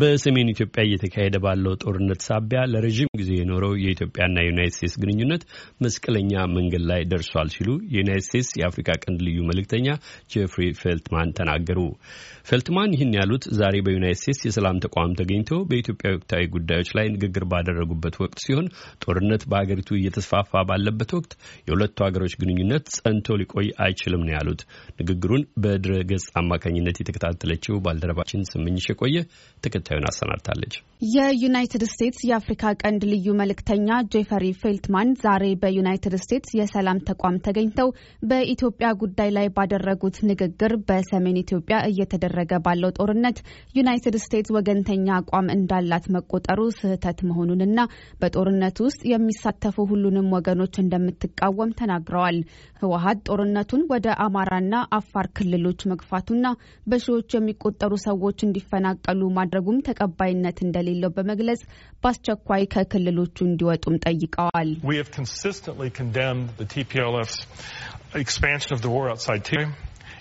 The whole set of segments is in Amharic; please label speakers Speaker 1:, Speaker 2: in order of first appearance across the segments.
Speaker 1: በሰሜን ኢትዮጵያ እየተካሄደ ባለው ጦርነት ሳቢያ ለረዥም ጊዜ የኖረው የኢትዮጵያና የዩናይት ስቴትስ ግንኙነት መስቀለኛ መንገድ ላይ ደርሷል ሲሉ የዩናይት ስቴትስ የአፍሪካ ቀንድ ልዩ መልእክተኛ ጄፍሪ ፌልትማን ተናገሩ። ፌልትማን ይህን ያሉት ዛሬ በዩናይት ስቴትስ የሰላም ተቋም ተገኝቶ በኢትዮጵያ ወቅታዊ ጉዳዮች ላይ ንግግር ባደረጉበት ወቅት ሲሆን ጦርነት በሀገሪቱ እየተስፋፋ ባለበት ወቅት የሁለቱ ሀገሮች ግንኙነት ጸንቶ ሊቆይ አይችልም ነው ያሉት። ንግግሩን በድረ ገጽ አማካኝነት የተከታተለችው ባልደረባችን ስምኝሽ የቆየ ተከታዩን አሰናድታለች።
Speaker 2: የዩናይትድ ስቴትስ የአፍሪካ ቀንድ ልዩ መልእክተኛ ጄፈሪ ፌልትማን ዛሬ በዩናይትድ ስቴትስ የሰላም ተቋም ተገኝተው በኢትዮጵያ ጉዳይ ላይ ባደረጉት ንግግር በሰሜን ኢትዮጵያ እየተደረገ ባለው ጦርነት ዩናይትድ ስቴትስ ወገንተኛ አቋም እንዳላት መቆጠሩ ስህተት መሆኑንና በጦርነቱ ውስጥ የሚሳተፉ ሁሉንም ወገኖች እንደምትቃወም ተናግረዋል። ህወሀት ጦርነቱን ወደ አማራና አፋር ክልሎች መግፋቱና በሺዎች የሚቆጠሩ ሰዎች እንዲፈናቀሉ ማድረጉ ሀሳቡም ተቀባይነት እንደሌለው በመግለጽ በአስቸኳይ ከክልሎቹ እንዲወጡም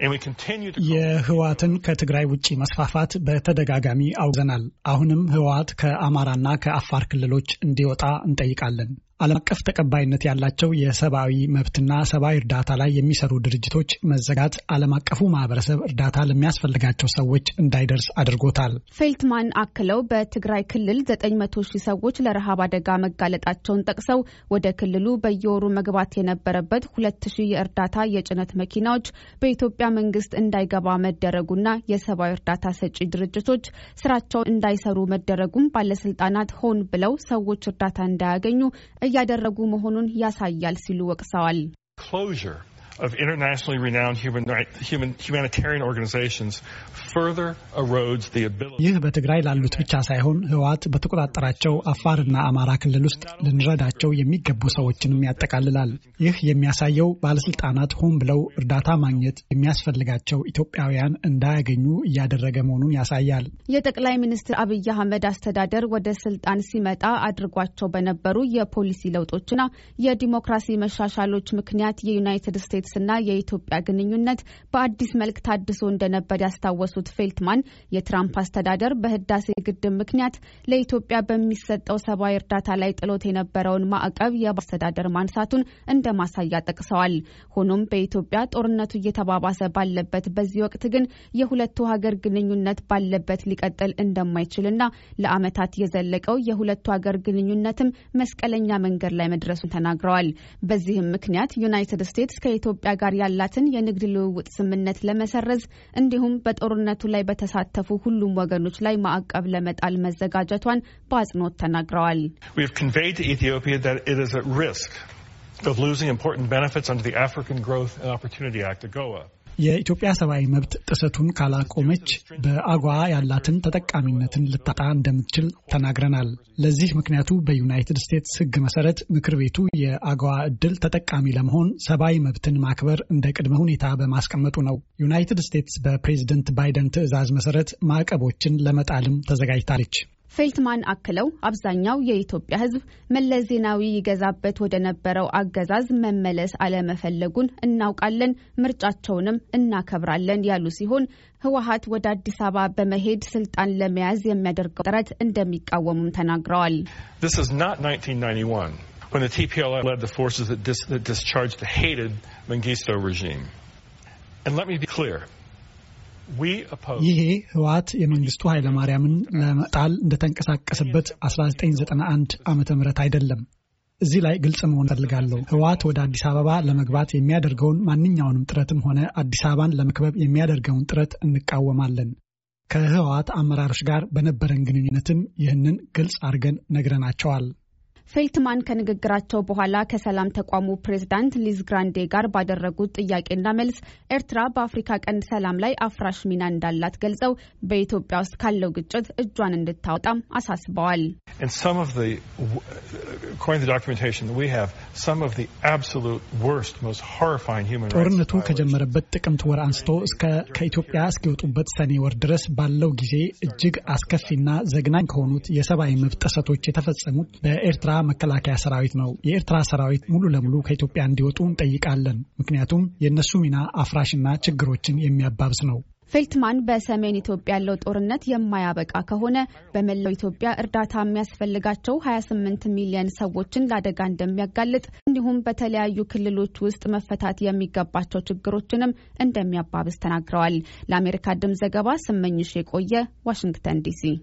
Speaker 3: ጠይቀዋል።
Speaker 1: የህወሓትን ከትግራይ ውጭ መስፋፋት በተደጋጋሚ አውግዘናል። አሁንም ህወሓት ከአማራና ከአፋር ክልሎች እንዲወጣ እንጠይቃለን። ዓለም አቀፍ ተቀባይነት ያላቸው የሰብአዊ መብትና ሰብአዊ እርዳታ ላይ የሚሰሩ ድርጅቶች መዘጋት ዓለም አቀፉ ማህበረሰብ እርዳታ ለሚያስፈልጋቸው ሰዎች እንዳይደርስ አድርጎታል።
Speaker 2: ፌልትማን አክለው በትግራይ ክልል ዘጠኝ መቶ ሺህ ሰዎች ለረሃብ አደጋ መጋለጣቸውን ጠቅሰው ወደ ክልሉ በየወሩ መግባት የነበረበት ሁለት ሺህ የእርዳታ የጭነት መኪናዎች በኢትዮጵያ መንግስት እንዳይገባ መደረጉና የሰብአዊ እርዳታ ሰጪ ድርጅቶች ስራቸውን እንዳይሰሩ መደረጉም ባለስልጣናት ሆን ብለው ሰዎች እርዳታ እንዳያገኙ እያደረጉ መሆኑን ያሳያል ሲሉ ወቅሰዋል።
Speaker 3: of internationally renowned human right, human, humanitarian organizations further erodes the ability
Speaker 1: ይህ በትግራይ ላሉት ብቻ ሳይሆን ህወሓት በተቆጣጠራቸው አፋርና አማራ ክልል ውስጥ ልንረዳቸው የሚገቡ ሰዎችንም ያጠቃልላል። ይህ የሚያሳየው ባለስልጣናት ሆን ብለው እርዳታ ማግኘት የሚያስፈልጋቸው ኢትዮጵያውያን እንዳያገኙ እያደረገ መሆኑን ያሳያል።
Speaker 2: የጠቅላይ ሚኒስትር አብይ አህመድ አስተዳደር ወደ ስልጣን ሲመጣ አድርጓቸው በነበሩ የፖሊሲ ለውጦችና የዲሞክራሲ መሻሻሎች ምክንያት የዩናይትድ ስቴትስ ና የኢትዮጵያ ግንኙነት በአዲስ መልክ ታድሶ እንደነበር ያስታወሱት ፌልትማን የትራምፕ አስተዳደር በህዳሴ ግድብ ምክንያት ለኢትዮጵያ በሚሰጠው ሰብአዊ እርዳታ ላይ ጥሎት የነበረውን ማዕቀብ የአስተዳደር ማንሳቱን እንደ ማሳያ ጠቅሰዋል። ሆኖም በኢትዮጵያ ጦርነቱ እየተባባሰ ባለበት በዚህ ወቅት ግን የሁለቱ ሀገር ግንኙነት ባለበት ሊቀጥል እንደማይችልና ለዓመታት የዘለቀው የሁለቱ ሀገር ግንኙነትም መስቀለኛ መንገድ ላይ መድረሱን ተናግረዋል። በዚህም ምክንያት ዩናይትድ ስቴትስ ከኢትዮ ከኢትዮጵያ ጋር ያላትን የንግድ ልውውጥ ስምምነት ለመሰረዝ እንዲሁም በጦርነቱ ላይ በተሳተፉ ሁሉም ወገኖች ላይ ማዕቀብ ለመጣል መዘጋጀቷን በአጽንኦት ተናግረዋል።
Speaker 3: of losing important benefits under the African Growth and Opportunity Act, AGOA.
Speaker 1: የኢትዮጵያ ሰብአዊ መብት ጥሰቱን ካላቆመች በአጓ ያላትን ተጠቃሚነትን ልታጣ እንደምትችል ተናግረናል። ለዚህ ምክንያቱ በዩናይትድ ስቴትስ ሕግ መሰረት ምክር ቤቱ የአጓ እድል ተጠቃሚ ለመሆን ሰብአዊ መብትን ማክበር እንደ ቅድመ ሁኔታ በማስቀመጡ ነው። ዩናይትድ ስቴትስ በፕሬዝደንት ባይደን ትዕዛዝ መሰረት ማዕቀቦችን ለመጣልም ተዘጋጅታለች።
Speaker 2: ፌልትማን አክለው አብዛኛው የኢትዮጵያ ሕዝብ መለስ ዜናዊ ይገዛበት ወደ ነበረው አገዛዝ መመለስ አለመፈለጉን እናውቃለን፣ ምርጫቸውንም እናከብራለን ያሉ ሲሆን ህወሀት ወደ አዲስ አበባ በመሄድ ስልጣን ለመያዝ የሚያደርገው ጥረት እንደሚቃወሙም ተናግረዋል።
Speaker 3: When the TPLF led the forces that, dis that discharged the hated Mengistu regime. And let me be clear.
Speaker 1: ይሄ ህወሓት የመንግስቱ ኃይለማርያምን ለመጣል እንደተንቀሳቀሰበት 1991 ዓ ም አይደለም። እዚህ ላይ ግልጽ መሆን እፈልጋለሁ። ህወሓት ወደ አዲስ አበባ ለመግባት የሚያደርገውን ማንኛውንም ጥረትም ሆነ አዲስ አበባን ለመክበብ የሚያደርገውን ጥረት እንቃወማለን። ከህወሓት አመራሮች ጋር በነበረን ግንኙነትም ይህንን ግልጽ አድርገን ነግረናቸዋል።
Speaker 2: ፌልትማን ከንግግራቸው በኋላ ከሰላም ተቋሙ ፕሬዝዳንት ሊዝ ግራንዴ ጋር ባደረጉት ጥያቄና መልስ ኤርትራ በአፍሪካ ቀንድ ሰላም ላይ አፍራሽ ሚና እንዳላት ገልጸው በኢትዮጵያ ውስጥ ካለው ግጭት እጇን እንድታወጣም አሳስበዋል። ጦርነቱ ከጀመረበት ጥቅምት
Speaker 1: ወር አንስቶ ከኢትዮጵያ እስኪወጡበት ሰኔ ወር ድረስ ባለው ጊዜ እጅግ አስከፊና ዘግናኝ ከሆኑት የሰብአዊ መብት ጥሰቶች የተፈጸሙት በኤርትራ መከላከያ ሰራዊት ነው። የኤርትራ ሰራዊት ሙሉ ለሙሉ ከኢትዮጵያ እንዲወጡ እንጠይቃለን። ምክንያቱም የእነሱ ሚና አፍራሽና ችግሮችን የሚያባብስ ነው።
Speaker 2: ፌልትማን በሰሜን ኢትዮጵያ ያለው ጦርነት የማያበቃ ከሆነ በመላው ኢትዮጵያ እርዳታ የሚያስፈልጋቸው 28 ሚሊየን ሰዎችን ለአደጋ እንደሚያጋልጥ እንዲሁም በተለያዩ ክልሎች ውስጥ መፈታት የሚገባቸው ችግሮችንም እንደሚያባብስ ተናግረዋል። ለአሜሪካ ድምፅ ዘገባ ስመኝሽ የቆየ ዋሽንግተን ዲሲ